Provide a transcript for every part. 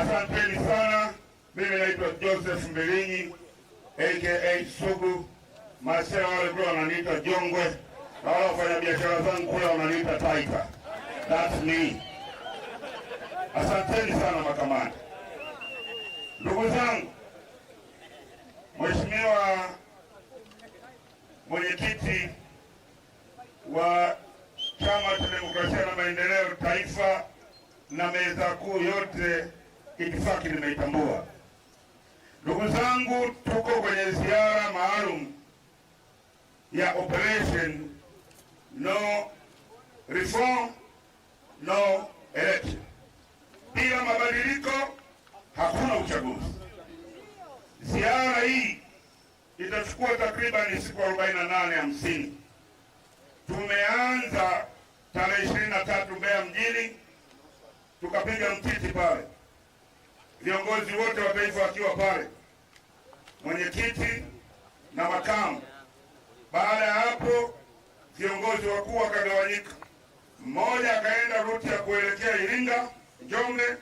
Asanteni sana. Mimi naitwa Joseph Mbilinyi aka Sugu, masera wale kule wananiita Jongwe na wale wafanya biashara zangu kule wananiita Tiger. That's me. Asanteni sana makamani, Ndugu zangu, Mheshimiwa mwenyekiti wa Chama cha Demokrasia na Maendeleo Taifa na meza kuu yote itifaki limeitambua Ndugu zangu, tuko kwenye ziara maalum ya operation no reform no election, bila mabadiliko hakuna uchaguzi. Ziara hii itachukua takribani siku 48 50. Tumeanza tarehe 23 Mbeya mjini, tukapiga mtiti pale viongozi wote wa taifa wakiwa pale, mwenyekiti na makamu. Baada ya hapo, viongozi wakuu wakagawanyika, mmoja akaenda ruti ya kuelekea Iringa, Njombe,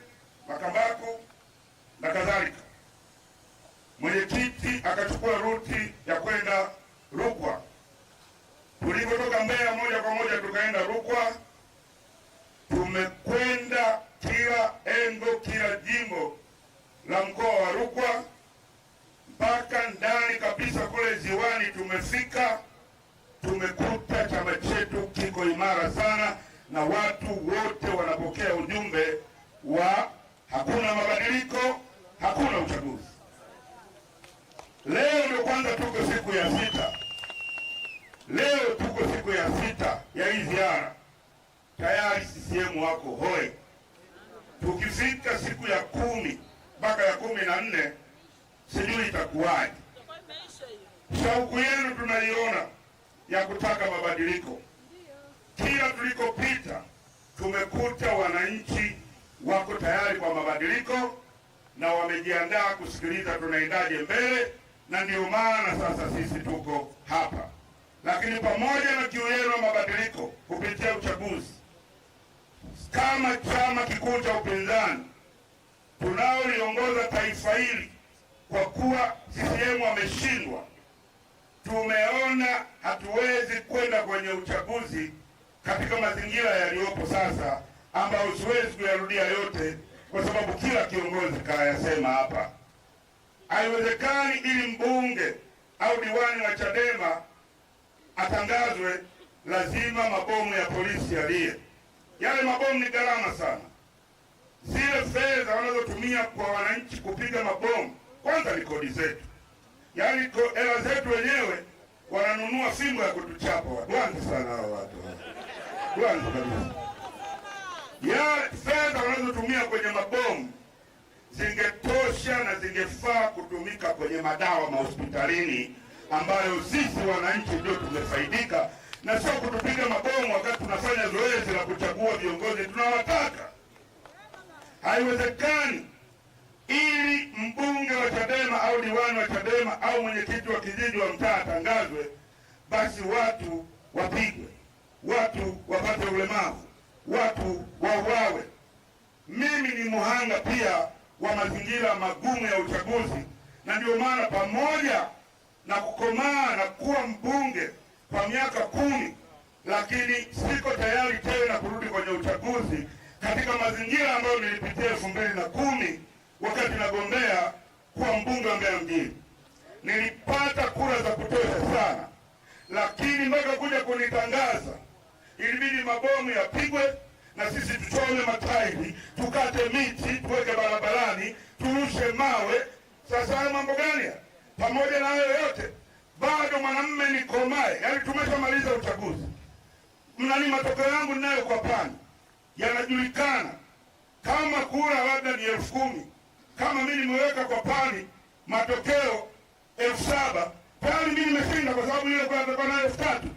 Makambako na kadhalika. Mwenyekiti akachukua ruti mahali tumefika, tumekuta chama chetu kiko imara sana, na watu wote wanapokea ujumbe wa hakuna mabadiliko, hakuna uchaguzi. Leo ndio kwanza tuko siku ya sita, leo tuko siku ya sita ya hii ziara, tayari CCM wako hoi. Tukifika siku ya kumi mpaka ya kumi na nne sijui itakuwaje. Shauku yenu tunaiona ya kutaka mabadiliko. Kila tulikopita tumekuta wananchi wako tayari kwa mabadiliko na wamejiandaa kusikiliza tunaendaje mbele, na ndiyo maana sasa sisi tuko hapa. Lakini pamoja na kiu yenu ya mabadiliko kupitia uchaguzi, kama chama kikuu cha upinzani tunaoliongoza taifa hili, kwa kuwa CCM wameshindwa tumeona hatuwezi kwenda kwenye uchaguzi katika mazingira yaliyopo sasa, ambayo siwezi kuyarudia yote kwa sababu kila kiongozi kayasema hapa. Haiwezekani ili mbunge au diwani wa Chadema atangazwe, lazima mabomu ya polisi yaliye. Yale mabomu ni gharama sana. Zile fedha wanazotumia kwa wananchi kupiga mabomu, kwanza ni kodi zetu yaani hela zetu wenyewe wananunua fimbo ya kutuchapa. Wagwanza sana hao watu, gwanza kabisa. Ya fedha wanazotumia kwenye mabomu zingetosha na zingefaa kutumika kwenye madawa mahospitalini, ambayo sisi wananchi ndio tumefaidika, na sio kutupiga mabomu wakati tunafanya zoezi la kuchagua viongozi tunawataka. Haiwezekani ili mbunge wa Chadema au diwani wa Chadema au mwenyekiti wa kijiji wa mtaa atangazwe, basi watu wapigwe, watu wapate ulemavu, watu wauawe. Mimi ni muhanga pia wa mazingira magumu ya uchaguzi, na ndio maana pamoja na kukomaa na kuwa mbunge kwa miaka kumi, lakini siko tayari tena kurudi kwenye uchaguzi katika mazingira ambayo nilipitia elfu mbili na kumi wakati nagombea kuwa mbunge wa Mbeya mjini, nilipata kura za kutosha sana, lakini mpaka kuja kunitangaza ilibidi mabomu yapigwe na sisi tuchome matairi, tukate miti, tuweke barabarani, turushe mawe. Sasa hayo mambo gani? Pamoja na hayo yote, bado mwanamme nikomae yani yaani tumeshamaliza uchaguzi, mnani matokeo yangu ninayo kwa pani yanajulikana. Kama kura labda ni elfu kumi kama mimi nimeweka kwa pani matokeo elfu saba tayari mimi nimeshinda, kwa sababu ile kwa na elfu tatu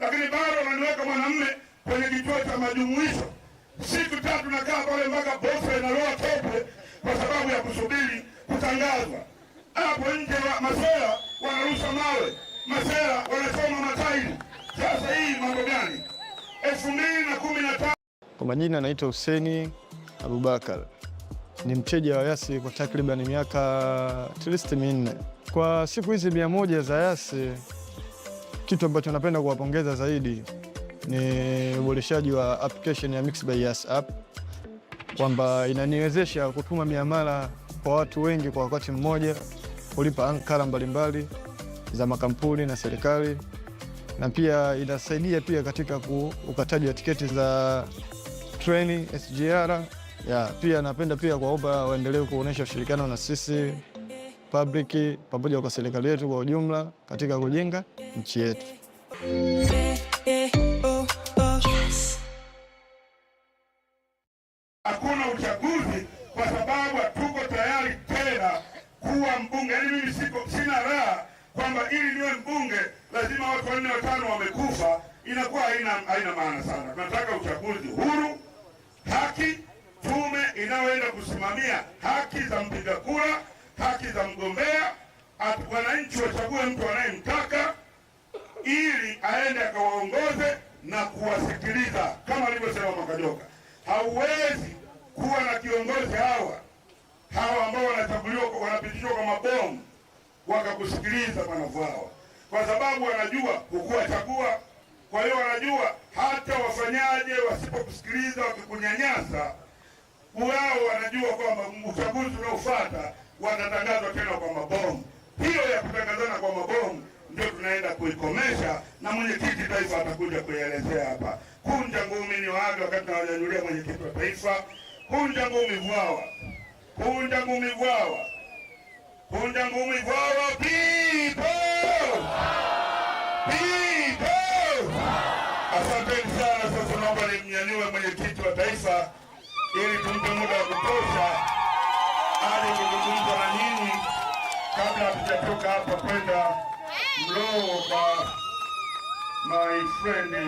lakini bado wananiweka mwanamume kwenye kituo cha majumuisho siku tatu, nakaa pale mpaka bofe na loa tope, kwa sababu ya kusubiri kutangazwa. Hapo nje wa masera wanarusha mawe, masera wanasoma matairi. Sasa hii mambo gani? elfu mbili na kumi na tano. Kwa majina anaitwa Huseni Abubakar ni mteja wa Yasi kwa takriban miaka tilisti minne. Kwa siku hizi mia moja za Yasi, kitu ambacho napenda kuwapongeza zaidi ni uboreshaji wa application ya Mixx by Yas app kwamba inaniwezesha kutuma miamala kwa watu wengi kwa wakati mmoja, kulipa ankara mbalimbali za makampuni na serikali, na pia inasaidia pia katika ukataji wa tiketi za treni SGR yeah, pia napenda pia kuwaomba waendelee kuonyesha ushirikiano na sisi public pamoja kwa serikali yetu kwa ujumla katika kujenga nchi yetu. Hakuna uchaguzi kwa sababu hatuko tayari tena kuwa mbunge. Yaani mimi siko, sina raha kwamba ili niwe mbunge lazima watu wanne watano wamekufa, inakuwa haina haina maana sana. Tunataka uchaguzi huru, haki tume inayoenda kusimamia haki za mpiga kura, haki za mgombea, wananchi wachague mtu anayemtaka ili aende akawaongoze na kuwasikiliza kama alivyosema Makajoka. Hauwezi kuwa na kiongozi hawa hawa ambao wanachaguliwa wanapitishwa kwa mabomu wakakusikiliza manavu kwa sababu wanajua hukuwachagua. Kwa hiyo wanajua hata wafanyaje, wasipokusikiliza wakikunyanyasa wanajua kwamba uchaguzi unaofuata watatangazwa tena kwa mabomu. Hiyo ya kutangazana kwa mabomu ndio tunaenda kuikomesha, na mwenyekiti taifa atakuja kuielezea hapa. Kunja ngumi ni waage wakati nawanyanyulia mwenyekiti wa taifa, kunja ngumi Vwawa, kunja ngumi Vwawa, kunja ngumi Vwawa pipo pipo. Asanteni sana. Sasa naomba nimnyanyue mwenyekiti wa taifa ili tumpe muda wa kutosha ali kuzungumza na nyinyi kabla hatujatoka hapa kwenda Mlowo kwa my friend.